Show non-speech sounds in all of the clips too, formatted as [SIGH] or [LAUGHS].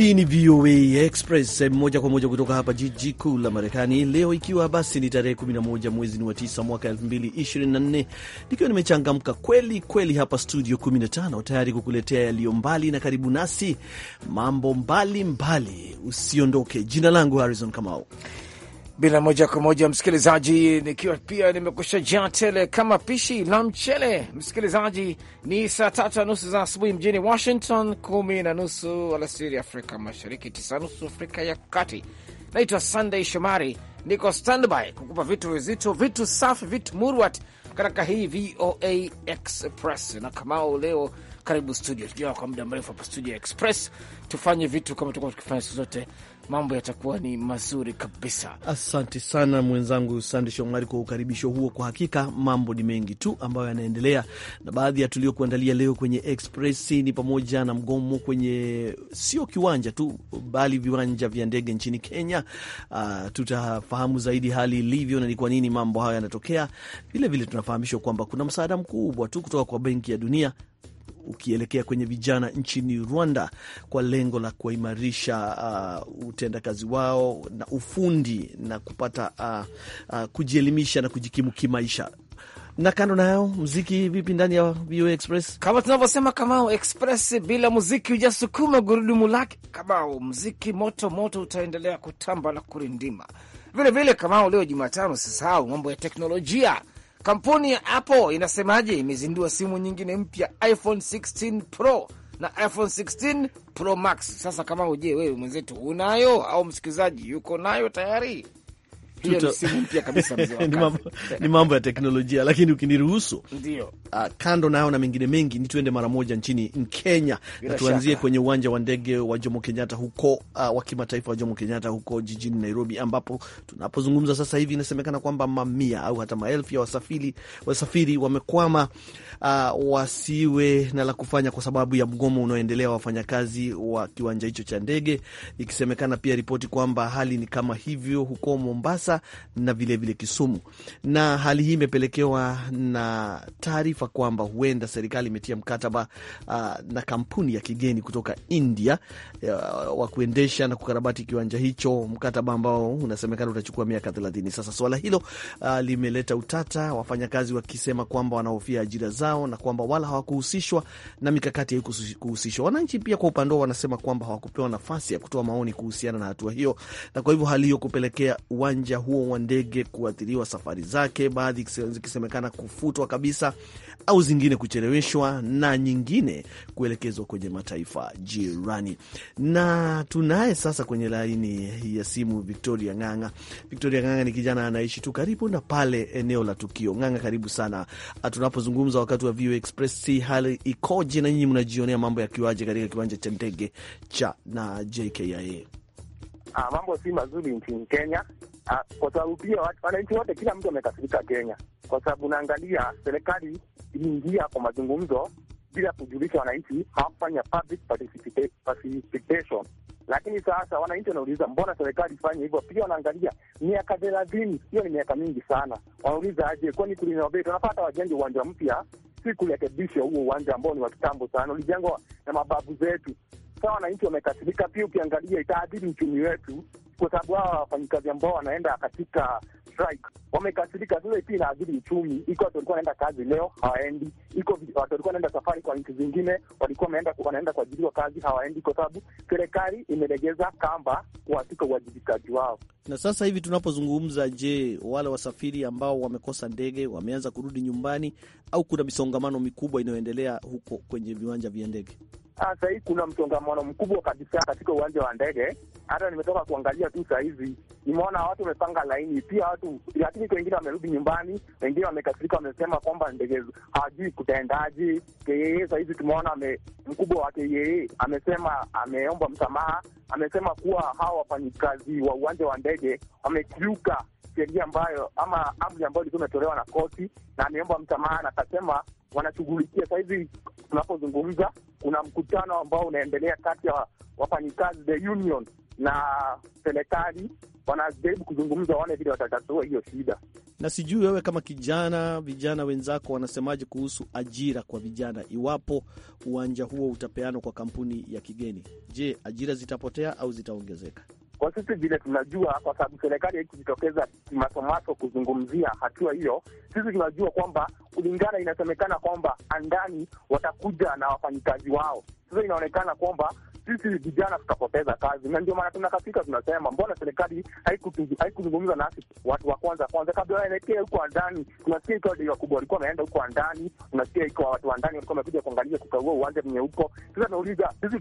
Hii ni VOA Express eh, moja kwa moja kutoka hapa jiji kuu la Marekani, leo ikiwa basi ni tarehe 11 mwezi ni wa 9 mwaka 2024, nikiwa nimechangamka kweli kweli hapa studio 15 tayari kukuletea yaliyo mbali na karibu nasi, mambo mbalimbali Usiondoke, jina langu Harrison Kamau bila moja kwa moja, msikilizaji, nikiwa pia nimekusha jaa tele kama pishi la mchele. Msikilizaji, ni saa tatu na nusu za asubuhi mjini Washington, kumi na nusu alasiri Afrika Mashariki, tisa nusu Afrika ya Kati. Naitwa Sunday Shomari, niko standby kukupa vitu vizito, vitu safi, vitu murwat katika hii VOA Express na Kamao leo karibu studio. Tujawa kwa muda mrefu hapa studio Express, tufanye vitu kama tukuwa tukifanya siku zote, mambo yatakuwa ni mazuri kabisa. Asante sana mwenzangu Sande Shomari kwa ukaribisho huo. Kwa hakika mambo ni mengi tu ambayo yanaendelea, na baadhi ya tuliokuandalia leo kwenye Express ni pamoja na mgomo kwenye sio kiwanja tu, bali viwanja vya ndege nchini Kenya. Uh, tutafahamu zaidi hali ilivyo na ni kwa nini mambo hayo yanatokea. Vilevile tunafahamishwa kwamba kuna msaada mkubwa tu kutoka kwa Benki ya Dunia ukielekea kwenye vijana nchini Rwanda kwa lengo la kuimarisha uh, utendakazi wao na ufundi na kupata uh, uh, kujielimisha na kujikimu kimaisha na kando nayo mziki vipi ndani ya VOA Express? Kama tunavyosema Kamao Express, bila muziki hujasukuma gurudumu lake. Kamao, mziki moto moto utaendelea kutamba na kurindima vilevile. Kamao, leo Jumatano, sisahau mambo ya teknolojia. Kampuni ya Apple inasemaje? Imezindua simu nyingine mpya iPhone 16 Pro na iPhone 16 Pro Max. Sasa kama uje wewe mwenzetu unayo au msikilizaji yuko nayo tayari? [LAUGHS] ni mambo ya teknolojia, lakini ukiniruhusu, uh, kando na hayo na mengine mengi, ni tuende mara moja nchini Kenya na tuanzie kwenye uwanja wa ndege wa Jomo Kenyatta huko, uh, wa kimataifa wa Jomo Kenyatta huko jijini Nairobi, ambapo tunapozungumza sasa hivi inasemekana kwamba mamia au hata maelfu ya wasafiri, wasafiri wamekwama, uh, wasiwe na la kufanya kwa sababu ya mgomo unaoendelea wafanyakazi wa kiwanja hicho cha ndege, ikisemekana pia ripoti kwamba hali ni kama hivyo huko Mombasa Mombasa na vilevile vile Kisumu, na hali hii imepelekewa na taarifa kwamba huenda serikali imetia mkataba uh, na kampuni ya kigeni kutoka India uh, wa kuendesha na kukarabati kiwanja hicho, mkataba ambao unasemekana utachukua miaka thelathini. Sasa suala hilo uh, limeleta utata, wafanyakazi wakisema kwamba wanahofia ajira zao na kwamba wala hawakuhusishwa na mikakati ya kuhusishwa. Wananchi pia kwa upande wao wanasema kwamba hawakupewa nafasi ya kutoa maoni kuhusiana na hatua hiyo, na kwa hivyo hali hiyo kupelekea uwanja huo wa ndege kuathiriwa safari zake, baadhi zikisemekana kufutwa kabisa au zingine kucheleweshwa na nyingine kuelekezwa kwenye mataifa jirani. Na tunaye sasa kwenye laini ya simu Victoria Ng'ang'a. Victoria Ng'ang'a ni kijana anaishi tu karibu na pale eneo la tukio. Ng'ang'a, karibu sana. Ah, tunapozungumza wakati wa VOA Express, si hali ikoje na nyinyi mnajionea mambo yakiwaje katika kiwanja cha ndege cha na JKIA? Ah, mambo si mazuri nchini Kenya. Ah, kwa sababu pia wananchi wote, kila mtu amekasirika Kenya, kwa sababu unaangalia serikali iliingia kwa mazungumzo bila kujulisha wananchi, hawakufanya public participation. Lakini sasa wananchi wanauliza mbona serikali ifanye hivyo? Pia wanaangalia miaka thelathini, hiyo ni miaka mingi sana. Wanauliza aje, kwani kulinovate tunapata wajenge uwanja mpya, si kurekebisha huo uwanja ambao ni wa kitambo sana, ulijengwa na mababu zetu. Sasa wananchi wamekasirika. Pia ukiangalia itaadhiri uchumi wetu kwa sababu hawa wafanyikazi ambao wanaenda katika strike wamekasirika. Sasa pia inaadhiri uchumi, iko watu walikuwa wanaenda kazi leo hawaendi, iko watu walikuwa wanaenda safari kwa nchi zingine, walikuwa wanaenda wanaenda kuajiriwa kazi hawaendi, kwa sababu serikali imelegeza kamba katika uwajibikaji wao. Na sasa hivi tunapozungumza, je, wale wasafiri ambao wamekosa ndege wameanza kurudi nyumbani au kuna misongamano mikubwa inayoendelea huko kwenye viwanja vya ndege? Saa hii kuna msongamano mkubwa kabisa katika uwanja wa ndege. Hata nimetoka kuangalia tu saa hizi, nimeona watu wamepanga laini, pia watu lakini, wengine wamerudi nyumbani, wengine wamekasirika, wamesema kwamba ndege hawajui kutaendaje. Keyeye saa hizi tumeona mkubwa wa Keyeye amesema, ameomba msamaha, amesema kuwa hawa wafanyikazi wa uwanja wa ndege wamekiuka sheria ambayo ama amri ambayo ilikuwa imetolewa na koti, na ameomba msamaha na akasema wanashughulikia. Saa hizi tunapozungumza kuna mkutano ambao unaendelea kati ya wafanyikazi the union na serikali, wanajaribu kuzungumza waone vile watatatua hiyo shida. Na sijui wewe kama kijana, vijana wenzako wanasemaje kuhusu ajira kwa vijana, iwapo uwanja huo utapeanwa kwa kampuni ya kigeni? Je, ajira zitapotea au zitaongezeka? Kwa sisi vile tunajua, kwa sababu serikali haikujitokeza kimatomato kuzungumzia hatua hiyo, sisi tunajua kwamba kulingana, inasemekana kwamba andani watakuja na wafanyikazi wao. Sasa inaonekana kwamba sisi vijana tutapoteza kazi, na ndio maana tunakasika, tunasema mbona serikali haikuzungumza nasi watu wa kwanza kwanza, kabla wanaelekea huko ndani. Tunasikia ikiwa dei kubwa walikuwa wameenda huko ndani, tunasikia ikiwa watu wa ndani walikuwa wamekuja kuangalia, kukagua uwanja mwenye huko. Sasa tunauliza sisi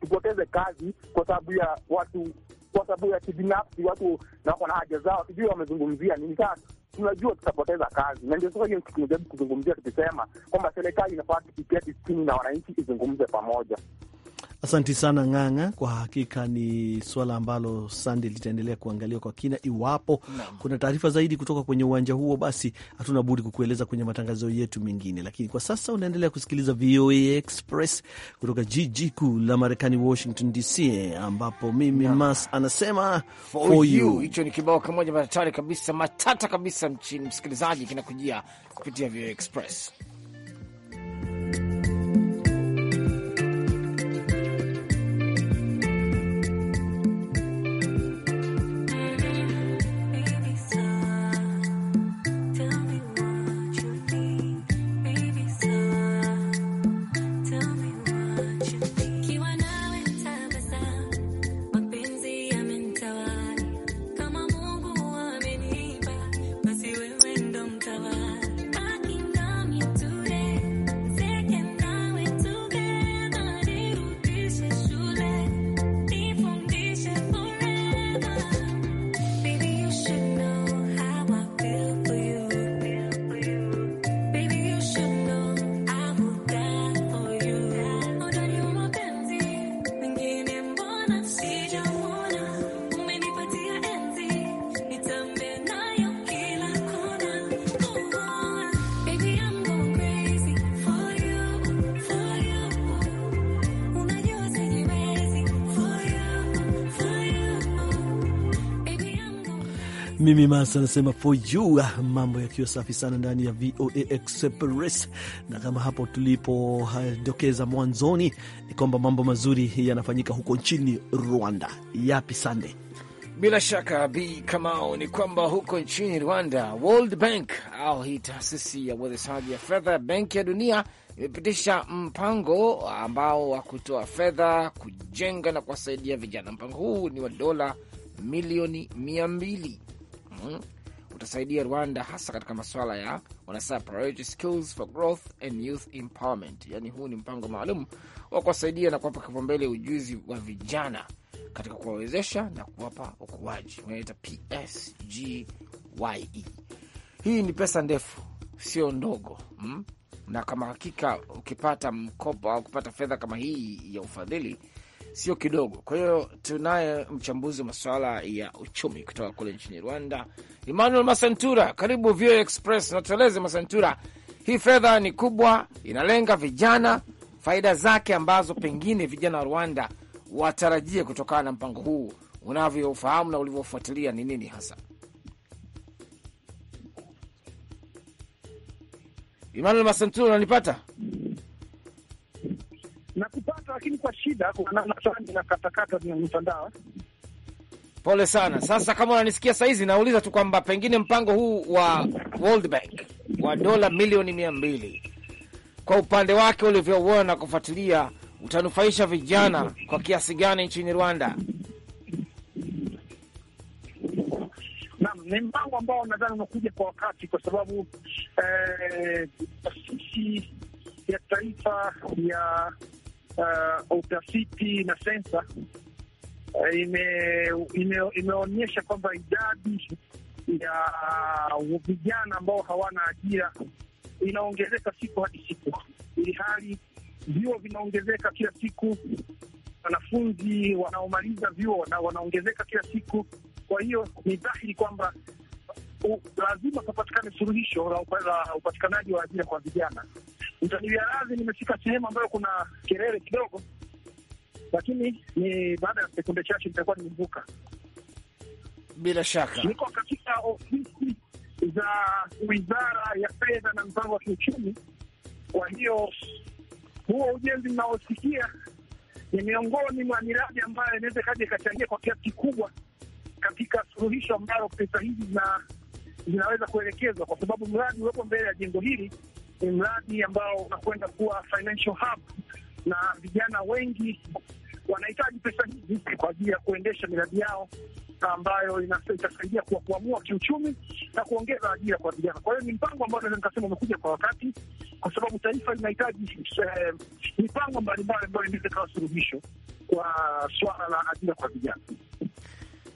tupoteze kazi kwa sababu ya watu, kwa sababu ya kibinafsi, watu na wako na haja zao, sijui wamezungumzia nini sasa tunajua tutapoteza kazi, na ndio sasa hiyo tunajaribu kuzungumzia tukisema kwamba serikali inafaa tiketi chini na wananchi izungumze pamoja. Asanti sana Ng'ang'a, kwa hakika ni suala ambalo sande litaendelea kuangaliwa kwa kina. Iwapo kuna taarifa zaidi kutoka kwenye uwanja huo, basi hatuna budi kukueleza kwenye matangazo yetu mengine, lakini kwa sasa unaendelea kusikiliza VOA Express kutoka jiji kuu la Marekani, Washington DC, ambapo mimi Mas anasema for you. Hicho ni kibao kimoja matatari kabisa matata kabisa, mchini msikilizaji, kinakujia kupitia VOA Express. Mimi Masa anasema for you, ah, mambo yakiwa safi sana ndani ya VOA Express. Na kama hapo tulipodokeza mwanzoni, ni kwamba mambo mazuri yanafanyika huko nchini Rwanda. Yapi Sande? Bila shaka b Kamao, ni kwamba huko nchini Rwanda, World Bank au hii taasisi ya uwezeshaji ya fedha, Benki ya Dunia imepitisha mpango ambao wa kutoa fedha kujenga na kuwasaidia vijana. Mpango huu ni wa dola milioni mia mbili Mm-hmm. utasaidia Rwanda hasa katika masuala ya wanasema priority skills for growth and youth empowerment. Yani, huu ni mpango maalum wa kuwasaidia na kuwapa kipaumbele ujuzi wa vijana katika kuwawezesha na kuwapa ukuaji, unaita PSGYE. Hii ni pesa ndefu, sio ndogo mm? na kama hakika ukipata mkopo au kupata fedha kama hii ya ufadhili sio kidogo. Kwa hiyo tunaye mchambuzi wa masuala ya uchumi kutoka kule nchini Rwanda, Emmanuel Masantura. Karibu VOA Express, natueleze Masantura, hii fedha ni kubwa, inalenga vijana, faida zake ambazo pengine vijana wa Rwanda watarajie kutokana na mpango huu, unavyofahamu na ulivyofuatilia, ni nini hasa? Emmanuel Masantura, unanipata? na kupata, lakini kwa shida, kuna namna fulani na katakata mtandao. Pole sana. Sasa kama unanisikia sahizi nauliza tu kwamba pengine mpango huu wa World Bank wa dola milioni mia mbili kwa upande wake ulivyouona na kufuatilia utanufaisha vijana kwa kiasi gani nchini Rwanda? Naam, ni mpango ambao nadhani unakuja kwa wakati, kwa sababu eh, taasisi eh, ya taifa ya uh, utafiti na sensa uh, ime, ime, imeonyesha kwamba idadi ya vijana ambao hawana ajira inaongezeka siku hadi siku, ili hali vyuo vinaongezeka kila siku, wanafunzi wanaomaliza vyuo na wanaongezeka kila siku. Kwa hiyo ni dhahiri kwamba lazima papatikane suluhisho la upatikanaji wa ajira kwa vijana. Mtanilia radhi, nimefika sehemu ambayo kuna kelele kidogo, lakini ni baada ya sekunde chache nitakuwa nimevuka. Bila shaka niko katika ofisi za Wizara ya Fedha na Mpango wa Kiuchumi. Kwa hiyo huo ujenzi mnaosikia ni miongoni mwa miradi ambayo inaweza ikaja ikachangia kwa kiasi kikubwa katika suluhisho ambalo pesa hizi zinaweza kuelekezwa, kwa sababu mradi uliopo mbele ya jengo hili ni mradi ambao unakwenda kuwa financial hub, na vijana wengi wanahitaji pesa hizi kwa ajili ya kuendesha miradi yao ambayo itasaidia kwa kiuchumi na kuongeza ajira kwa vijana. Kwa hiyo ni mpango ambao naweza nikasema umekuja kwa wakati, kwa sababu taifa linahitaji eh, mipango mbalimbali ambayo inaweza ikawa suluhisho kwa swala la ajira kwa vijana.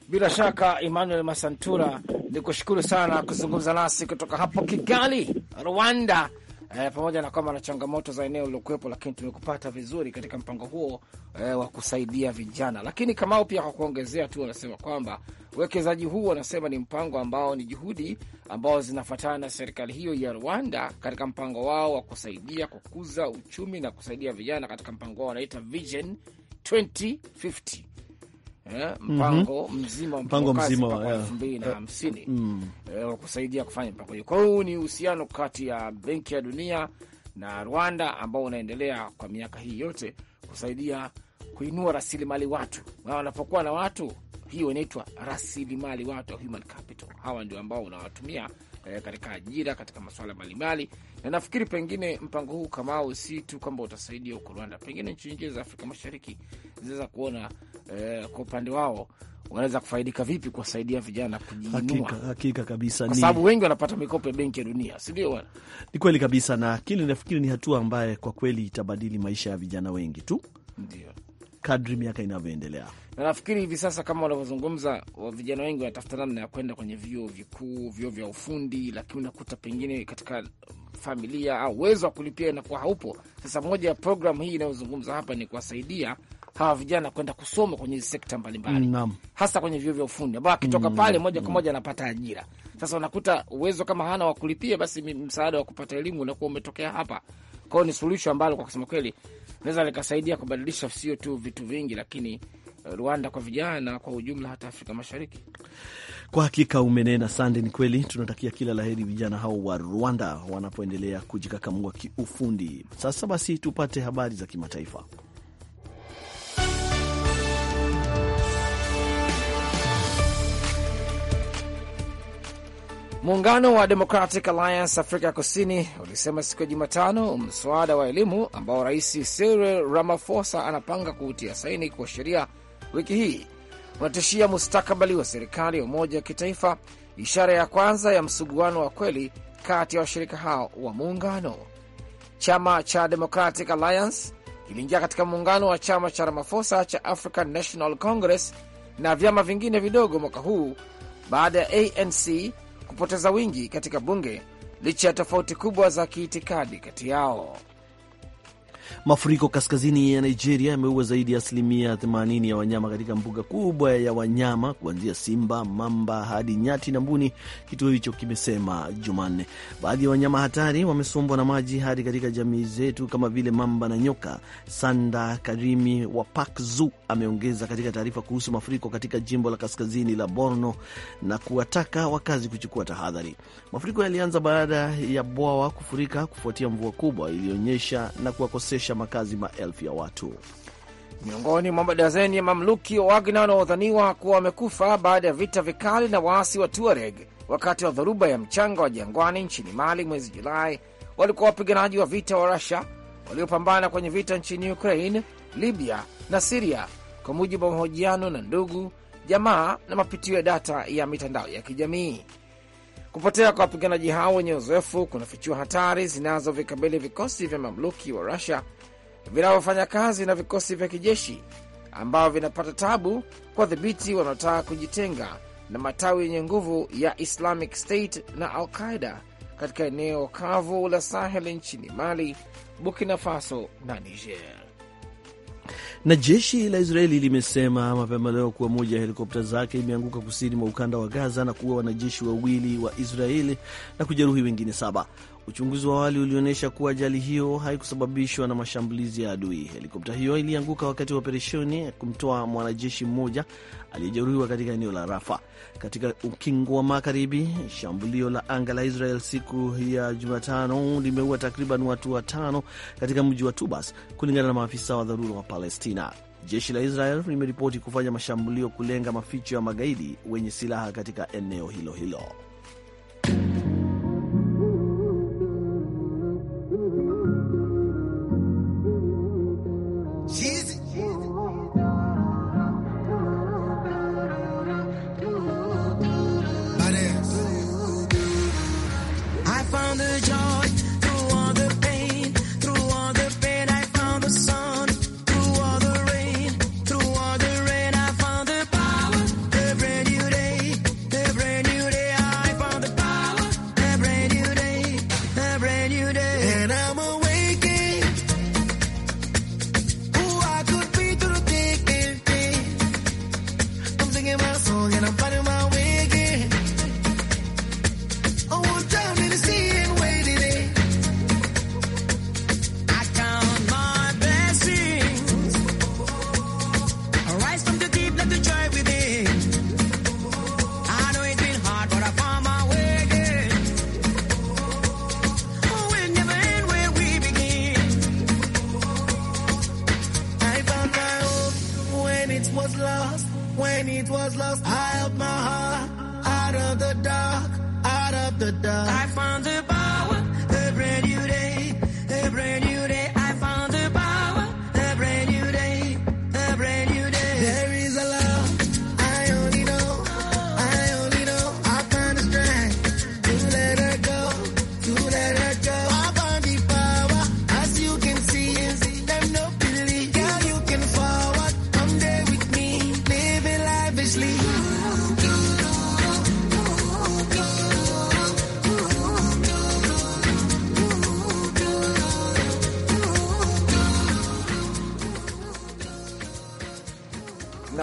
Bila shaka, Emmanuel Masantura, ni kushukuru sana kuzungumza nasi kutoka hapo Kigali, Rwanda eh, pamoja na kwamba na changamoto za eneo lilokuwepo, lakini tumekupata vizuri katika mpango huo eh, wa kusaidia vijana. Lakini Kamau pia kwa kuongezea tu wanasema kwamba uwekezaji huu wanasema ni mpango ambao ni juhudi ambao zinafuatana na serikali hiyo ya Rwanda katika mpango wao wa kusaidia kukuza uchumi na kusaidia vijana katika mpango wao wanaita Vision 2050 mpango eh, mzima mpango mzima wa elfu mbili na hamsini yeah. Mm. kusaidia kufanya mpango hiyo. Kwa hiyo ni uhusiano kati ya Benki ya Dunia na Rwanda ambao unaendelea kwa miaka hii yote kusaidia kuinua rasilimali watu, na wanapokuwa na watu, hiyo inaitwa rasilimali watu human capital. Hawa ndio ambao unawatumia eh, katika ajira, katika masuala mbalimbali, na nafikiri pengine mpango huu Kamau, si tu kwamba utasaidia huko Rwanda, pengine nchi nyingine za Afrika Mashariki zinaweza kuona eh, kwa upande wao wanaweza kufaidika vipi kuwasaidia vijana kujiinua. Hakika, kabisa, kwa sababu wengi wanapata mikopo ya Benki ya Dunia, si ndio? Bwana, ni kweli kabisa, na kile nafikiri ni hatua ambaye kwa kweli itabadili maisha ya vijana wengi tu, ndio kadri miaka inavyoendelea. Na nafikiri hivi sasa kama wanavyozungumza vijana wengi wanatafuta namna ya kwenda kwenye vyuo vikuu, vyuo vya ufundi, lakini unakuta pengine katika familia au uwezo wa kulipia inakuwa haupo. Sasa moja ya programu hii inayozungumza hapa ni kuwasaidia hawa vijana kwenda kusoma kwenye hizi sekta mbalimbali mm, hasa kwenye vyuo vya ufundi ambao akitoka mm, pale moja kwa moja anapata ajira. Sasa unakuta uwezo kama hana wa kulipia, basi msaada wa kupata elimu unakuwa umetokea hapa kwao. Ni suluhisho ambalo kwa kusema kweli naweza likasaidia kubadilisha sio tu vitu vingi, lakini eh, Rwanda kwa vijana kwa ujumla, hata Afrika Mashariki. Kwa hakika umenena sande, ni kweli. Tunatakia kila laheri vijana hao wa Rwanda wanapoendelea kujikakamua kiufundi. Sasa basi tupate habari za kimataifa. Muungano wa Democratic Alliance Afrika Kusini ulisema siku ya Jumatano mswada wa elimu ambao Rais Cyril Ramaphosa anapanga kuutia saini kwa sheria wiki hii unatishia mustakabali wa serikali ya umoja wa kitaifa, ishara ya kwanza ya msuguano wa kweli kati ya washirika hao wa muungano. Chama cha Democratic Alliance kiliingia katika muungano wa chama cha Ramaphosa cha African National Congress na vyama vingine vidogo mwaka huu baada ya ANC kupoteza wingi katika bunge licha ya tofauti kubwa za kiitikadi kati yao. Mafuriko kaskazini ya Nigeria yameua zaidi ya asilimia 80 ya wanyama katika mbuga kubwa ya wanyama kuanzia simba, mamba hadi nyati na mbuni, kituo hicho kimesema Jumanne. Baadhi ya wanyama hatari wamesombwa na maji hadi katika jamii zetu kama vile mamba na nyoka. Sanda Karimi wa Park Zoo ameongeza katika taarifa kuhusu mafuriko katika jimbo la kaskazini la Borno na kuwataka wakazi kuchukua tahadhari. Mafuriko yalianza baada ya bwawa kufurika kufuatia mvua kubwa iliyoonyesha na kuwakosea kukosesha makazi maelfu ya watu. Miongoni mwa madazeni ya mamluki wa Wagna wanaodhaniwa kuwa wamekufa baada ya vita vikali na waasi wa Tuareg wakati wa dhoruba ya mchanga wa jangwani nchini Mali mwezi Julai walikuwa wapiganaji wa vita wa Rusia waliopambana kwenye vita nchini Ukraine, Libya na Siria, kwa mujibu wa mahojiano na ndugu, jamaa na mapitio ya data ya mitandao ya kijamii. Kupotea kwa wapiganaji hao wenye uzoefu kunafichua hatari zinazovikabili vikosi vya mamluki wa Rusia vinavyofanya kazi na vikosi vya kijeshi ambavyo vinapata tabu kwa dhibiti wanaotaka kujitenga na matawi yenye nguvu ya Islamic State na Al Qaida katika eneo kavu la Sahel nchini Mali, Burkina Faso na Niger. Na jeshi la Israeli limesema mapema leo kuwa moja ya helikopta zake imeanguka kusini mwa ukanda wa Gaza na kuua wanajeshi wawili wa Israeli na kujeruhi wengine saba. Uchunguzi wa awali ulionyesha kuwa ajali hiyo haikusababishwa na mashambulizi ya adui. Helikopta hiyo ilianguka wakati wa operesheni ya kumtoa mwanajeshi mmoja aliyejeruhiwa katika eneo la Rafa katika ukingo wa Magharibi. Shambulio la anga la Israel siku ya Jumatano limeua takriban watu watano katika mji wa Tubas, kulingana na maafisa wa dharura wa Palestina. Jeshi la Israel limeripoti kufanya mashambulio kulenga maficho ya magaidi wenye silaha katika eneo hilo hilo.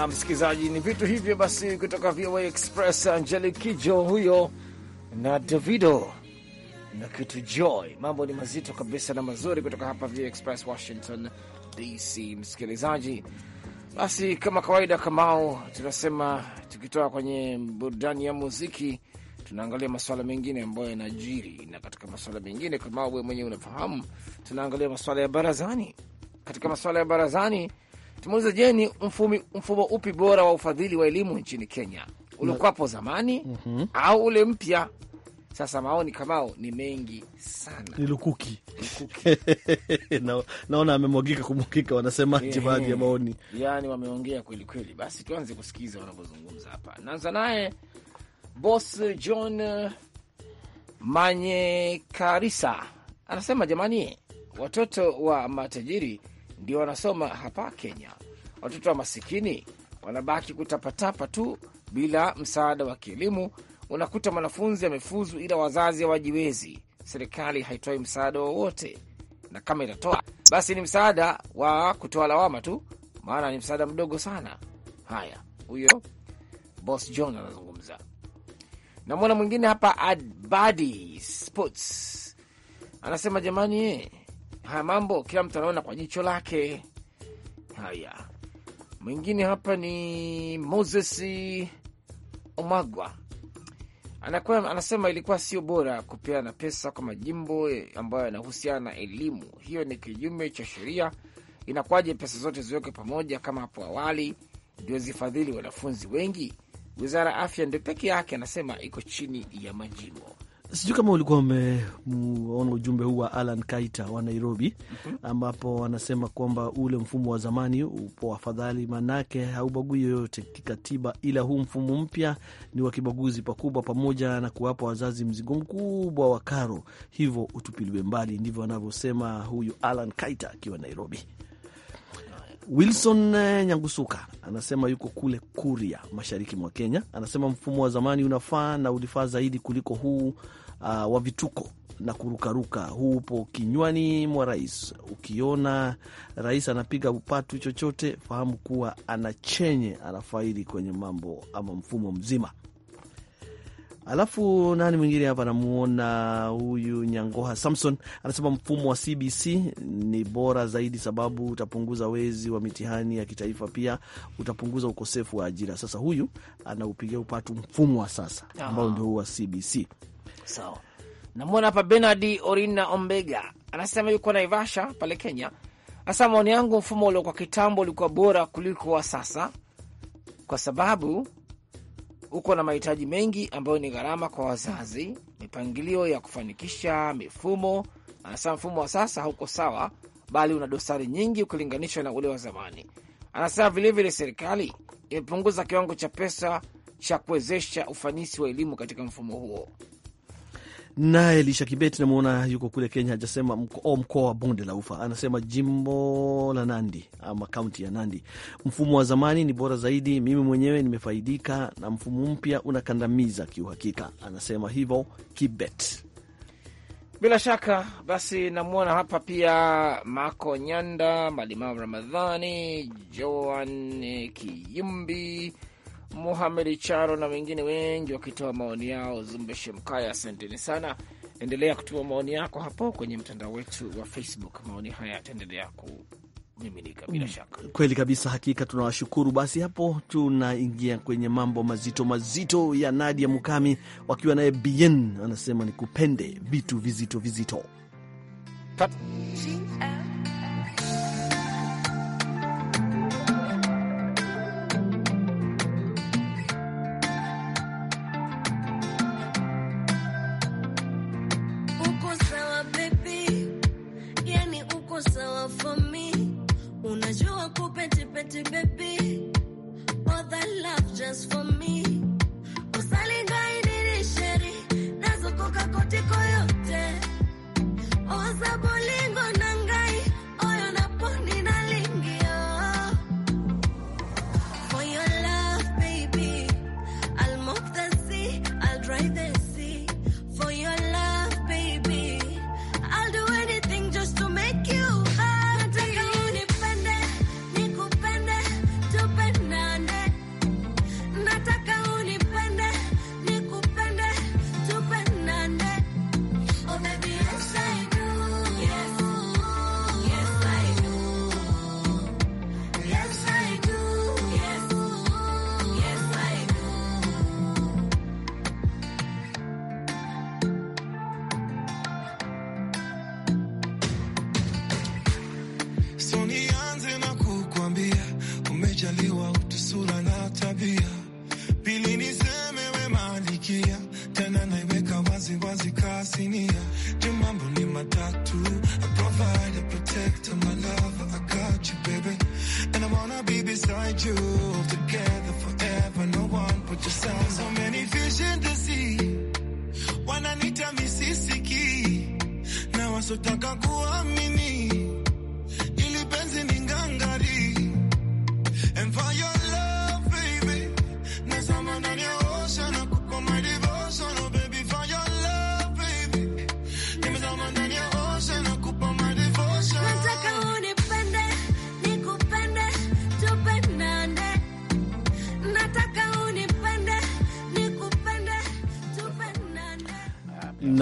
sana msikilizaji, ni vitu hivyo basi kutoka VOA Express. Angelique Kijo huyo na Davido na kitu Joy. Mambo ni mazito kabisa na mazuri kutoka hapa VOA Express Washington DC. Msikilizaji, basi kama kawaida, Kamao, tunasema tukitoka kwenye burudani ya muziki tunaangalia masuala mengine ambayo yanajiri, na katika masuala mengine, Kamao, wewe mwenyewe unafahamu, tunaangalia masuala ya barazani. Katika masuala ya barazani Tumuuliza, je, ni mfumo upi bora wa ufadhili wa elimu nchini Kenya, uliokuwapo zamani mm -hmm. au ule mpya? Sasa maoni kamao ni mengi sana, ni lukuki, lukuki. [LAUGHS] Na, naona amemwagika kumwagika, wanasemaje baadhi ya maoni? Yani wameongea kweli kweli. Basi tuanze kusikiliza wanavyozungumza hapa. Naanza naye Boss John Manyekarisa, anasema jamani, watoto wa matajiri ndio wanasoma hapa Kenya. Watoto wa masikini wanabaki kutapatapa tu bila msaada wa kielimu. Unakuta mwanafunzi amefuzu, ila wazazi hawajiwezi. Serikali haitoi msaada wowote, na kama itatoa basi ni msaada wa kutoa lawama tu, maana ni msaada mdogo sana. Haya, huyo Boss John anazungumza na mwana mwingine hapa. Adbadi Sports anasema jamani, eh, haya mambo kila mtu anaona kwa jicho lake. Haya, mwingine hapa ni Moses Omagwa anakuwa, anasema ilikuwa sio bora kupeana pesa kwa majimbo eh, ambayo yanahusiana na elimu. Hiyo ni kinyume cha sheria. Inakuwaje pesa zote ziwekwe pamoja kama hapo awali ndio zifadhili wanafunzi wengi? Wizara ya afya ndio peke yake anasema iko chini ya majimbo. Sijui kama ulikuwa umeona ujumbe huu wa Alan Kaita wa Nairobi, mhm. ambapo wanasema kwamba ule mfumo wa zamani upo afadhali, manake haubagui yoyote kikatiba, ila huu mfumo mpya ni wa kibaguzi pakubwa, pamoja na kuwapa wazazi mzigo mkubwa wa karo, hivyo utupiliwe mbali. Ndivyo anavyosema huyu Alan Kaita akiwa Nairobi. Wilson eh, Nyangusuka anasema yuko kule Kuria, mashariki mwa Kenya. Anasema mfumo wa zamani unafaa na ulifaa zaidi kuliko huu uh, wa vituko na kurukaruka huu upo kinywani mwa rais. Ukiona rais anapiga upatu chochote, fahamu kuwa ana chenye anafaidi kwenye mambo ama mfumo mzima. Alafu nani mwingine hapa, namuona huyu Nyangoha Samson anasema mfumo wa CBC ni bora zaidi, sababu utapunguza wezi wa mitihani ya kitaifa, pia utapunguza ukosefu wa ajira. Sasa huyu anaupigia upatu mfumo wa sasa ambao ah. ndio huu wa CBC. Sawa. Namwona hapa Benard Orina Ombega anasema yuko Naivasha pale Kenya. Hasa maoni yangu, mfumo ule kitambo ulikuwa bora kuliko wa sasa, kwa sababu uko na mahitaji mengi ambayo ni gharama kwa wazazi, mipangilio ya kufanikisha mifumo. Anasema mfumo wa sasa hauko sawa, bali una dosari nyingi ukilinganishwa na ule wa zamani. Anasema vilevile serikali imepunguza kiwango cha pesa cha kuwezesha ufanisi wa elimu katika mfumo huo. Naye Elisha Kibet namwona yuko kule Kenya, hajasema oh, mkoa wa bonde la ufa, anasema jimbo la Nandi ama kaunti ya Nandi. Mfumo wa zamani ni bora zaidi, mimi mwenyewe nimefaidika na mfumo mpya unakandamiza kiuhakika, anasema hivyo Kibet. Bila shaka basi, namwona hapa pia Mako Nyanda, Malimao Ramadhani, Joan Kiyumbi Muhamed Charo na wengine wengi wakitoa maoni yao. Zumbeshe Mkaya, asanteni sana. Endelea kutuma maoni yako hapo kwenye mtandao wetu wa Facebook. Maoni haya yataendelea kumiminika bila mm, shaka. Kweli kabisa, hakika tunawashukuru. Basi hapo tunaingia kwenye mambo mazito mazito ya Nadia Mukami wakiwa naye Bien anasema ni kupende vitu vizito vizito Cut. to be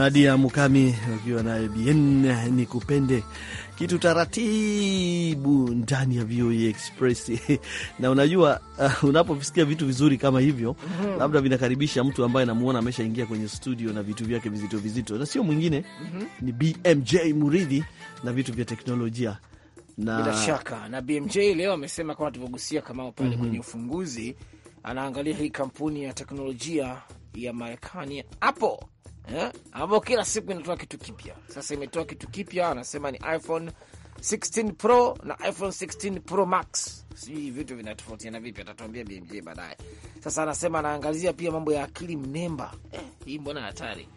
Nadia Mukami akiwa naye Bien ni kupende kitu taratibu ndani ya VOA e Express. [LAUGHS] Na unajua uh, unapovisikia vitu vizuri kama hivyo mm -hmm. labda vinakaribisha mtu ambaye namuona ameshaingia kwenye studio na vitu vyake vizito vizito, na sio mwingine mm -hmm. ni BMJ Muridhi na vitu vya teknolojia na... bila shaka na BMJ leo amesema kama tulivyogusia kama pale mm -hmm. kwenye ufunguzi, anaangalia hii kampuni ya teknolojia ya Marekani Apple yeah? ambao kila siku inatoa kitu kipya. Sasa imetoa kitu kipya, anasema ni iPhone 16 Pro na iPhone 16 Pro Max. Sijui vitu vinatofautiana vipi, atatuambia BMJ baadaye. Sasa anasema anaangazia pia mambo ya akili mnemba. Eh, hii mbona hatari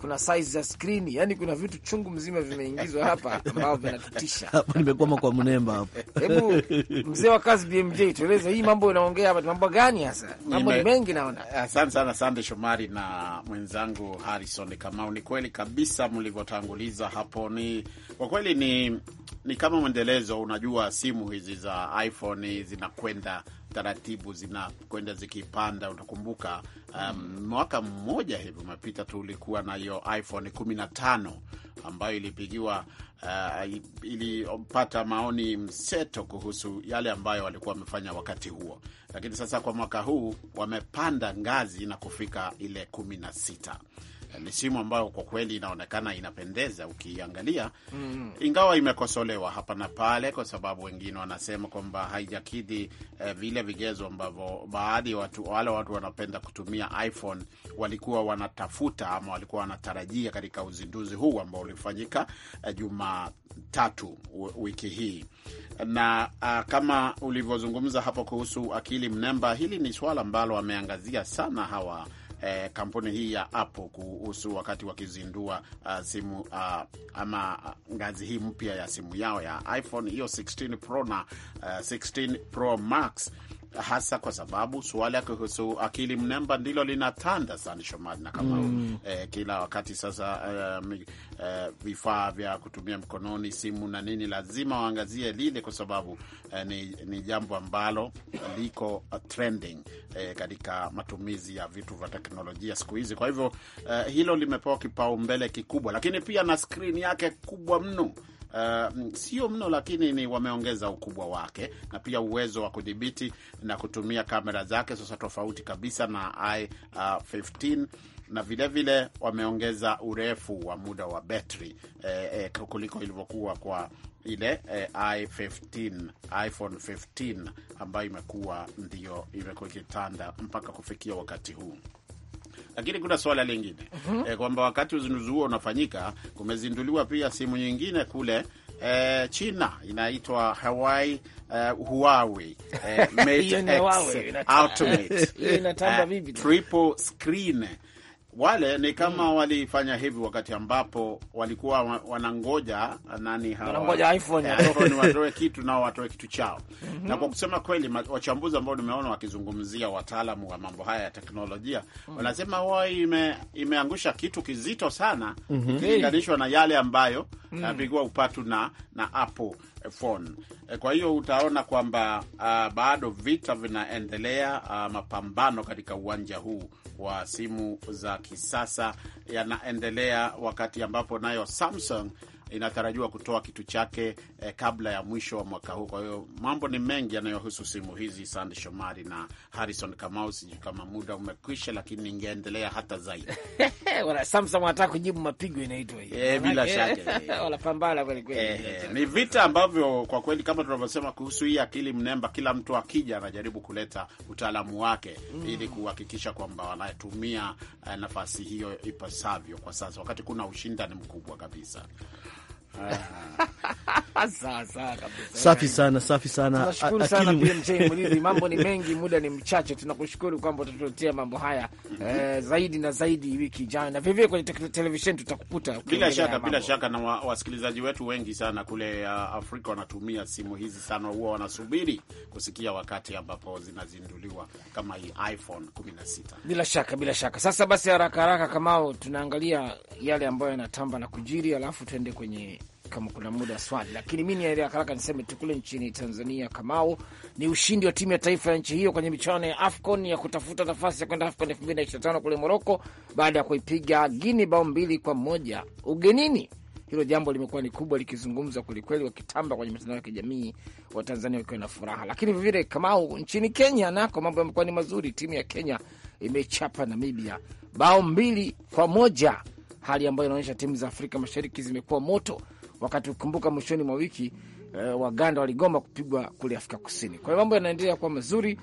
kuna size za skrini, yani kuna vitu chungu mzima vimeingizwa hapa ambavyo vinatutisha. [LAUGHS] hapa. nimekwama kwa mnemba hapo. Hebu mzee wa kazi BMJ, tueleze hii mambo inaongea hapa, mambo gani hasa? Mambo ni mengi naona. Asante sana Sande Shomari na mwenzangu Harrison Kamau. Ni kweli kabisa mlivyotanguliza hapo, ni kwa kweli ni ni kama mwendelezo. Unajua simu hizi za iPhone zinakwenda taratibu zinakwenda zikipanda. Utakumbuka um, mwaka mmoja hivi umepita tu ulikuwa na hiyo iPhone 15 ambayo ilipigiwa uh, ilipata maoni mseto kuhusu yale ambayo walikuwa wamefanya wakati huo, lakini sasa kwa mwaka huu wamepanda ngazi na kufika ile 16. Eh, ni simu ambayo kwa kweli inaonekana inapendeza ukiangalia, mm ingawa imekosolewa hapa na pale, kwa sababu wengine wanasema kwamba haijakidhi eh, vile vigezo ambavyo baadhi watu wale watu wanapenda kutumia iPhone walikuwa wanatafuta ama walikuwa wanatarajia katika uzinduzi huu ambao ulifanyika eh, Jumatatu wiki hii na uh, kama ulivyozungumza hapo kuhusu akili mnemba, hili ni swala ambalo wameangazia sana hawa eh, kampuni hii ya Apple kuhusu wakati wakizindua uh, simu uh, ama ah, ngazi hii mpya ya simu yao ya iPhone hiyo 16 Pro na uh, eh, 16 Pro Max hasa kwa sababu suala kuhusu akili mnemba ndilo linatanda sana, Shomari na Kamau. mm. Eh, kila wakati sasa eh, eh, vifaa vya kutumia mkononi, simu na nini, lazima waangazie lile kwa sababu eh, ni, ni jambo ambalo liko uh, trending eh, katika matumizi ya vitu vya teknolojia siku hizi. Kwa hivyo eh, hilo limepewa kipaumbele kikubwa, lakini pia na skrini yake kubwa mno uh, sio mno, lakini ni wameongeza ukubwa wake na pia uwezo wa kudhibiti na kutumia kamera zake, sasa tofauti kabisa na i15 uh, na vilevile vile wameongeza urefu wa muda wa betri eh, eh, kuliko ilivyokuwa kwa ile eh, i15 iPhone 15 ambayo imekuwa ndio imekuwa ikitanda mpaka kufikia wakati huu. Lakini kuna swala lingine mm -hmm. e, kwamba wakati uzinduzi huo unafanyika kumezinduliwa pia simu nyingine kule e, China inaitwa Hawaii uh, Huawei uh, [LAUGHS] Mate X Ultimate uh, [LAUGHS] triple screen wale ni kama mm. walifanya hivi wakati ambapo walikuwa wanangoja nani hawa, wanangoja iPhone eh, watoe [LAUGHS] kitu nao watoe kitu chao mm -hmm. Na kwa kusema kweli, wachambuzi ambao nimeona wakizungumzia wataalamu wa mambo haya ya teknolojia mm -hmm. wanasema wa ime, imeangusha kitu kizito sana mm -hmm. ikilinganishwa na yale ambayo mm -hmm. yapigwa upatu na, na Apple Eh, phone. Eh, kwa hiyo utaona kwamba uh, bado vita vinaendelea, uh, mapambano katika uwanja huu wa simu za kisasa yanaendelea, wakati ambapo nayo Samsung inatarajiwa kutoa kitu chake eh, kabla ya mwisho wa mwaka huu. Kwa hiyo mambo ni mengi yanayohusu simu hizi, Sande Shomari na Harrison Kamau. Sijui kama muda umekwisha, lakini ningeendelea hata zaidi. [LAUGHS] Samsung kujibu mapigo, inaitwa eh, bila shaka [LAUGHS] wanapambana kweli kweli. Eh, eh, ni vita ambavyo kwa kweli kama tunavyosema kuhusu hii akili mnemba, kila mtu akija anajaribu kuleta utaalamu wake mm, ili kuhakikisha kwamba wanatumia eh, nafasi hiyo ipasavyo kwa sasa, wakati kuna ushindani mkubwa kabisa. Ah. [LAUGHS] safi sana, safi sana. Tunashukuru sana BMJ Mridhi, [LAUGHS] mambo ni mengi, muda ni mchache. Tunakushukuru kwamba utatuletea mambo haya eh, zaidi na zaidi wiki ijayo, na vilevile kwenye televisheni tutakukuta bila shaka, bila shaka. Na wa, wasikilizaji wetu wengi sana kule uh, Afrika wanatumia simu hizi sana, huwa wanasubiri kusikia wakati ambapo zinazinduliwa kama hii iPhone 16. Bila shaka, bila shaka. Sasa basi, haraka haraka, Kamao, tunaangalia yale ambayo yanatamba na kujiri, alafu tuende kwenye kama kuna muda swali, lakini mi niendelea haraka niseme tu kule nchini Tanzania, Kamau, ni ushindi wa timu ya taifa ya nchi hiyo kwenye michuano ya AFCON ya kutafuta nafasi ya kwenda AFCON 2025 kule Moroko, baada ya kuipiga Guini bao mbili kwa moja ugenini. Hilo jambo limekuwa ni kubwa likizungumzwa kwelikweli, wakitamba kwenye mitandao ya kijamii, Watanzania wakiwa na furaha. Lakini vivile, Kamau, nchini Kenya nako mambo yamekuwa ni mazuri. Timu ya Kenya imechapa Namibia bao mbili kwa moja, hali ambayo inaonyesha timu za Afrika Mashariki zimekuwa moto wakati ukumbuka mwishoni mwa wiki e, Waganda waligoma kupigwa kule Afrika Kusini. Kwa hiyo mambo yanaendelea kuwa mazuri.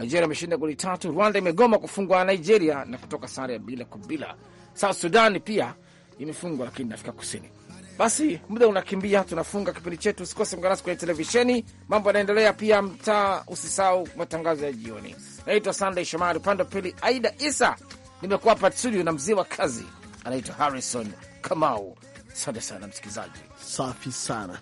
Nigeria imeshinda goli tatu, Rwanda imegoma kufungwa na Nigeria na kutoka sare ya bila kwa bila. South Sudan pia imefungwa lakini na Afrika Kusini. Basi muda unakimbia, tunafunga kipindi chetu. Usikose mganasi kwenye televisheni, mambo yanaendelea pia mtaa. Usisahau matangazo ya jioni. Naitwa Sunday Shomari, upande wa pili Aida Isa, nimekuwa hapa studio na mzee wa kazi anaitwa Harrison Kamau. Asante sana msikilizaji, safi sana.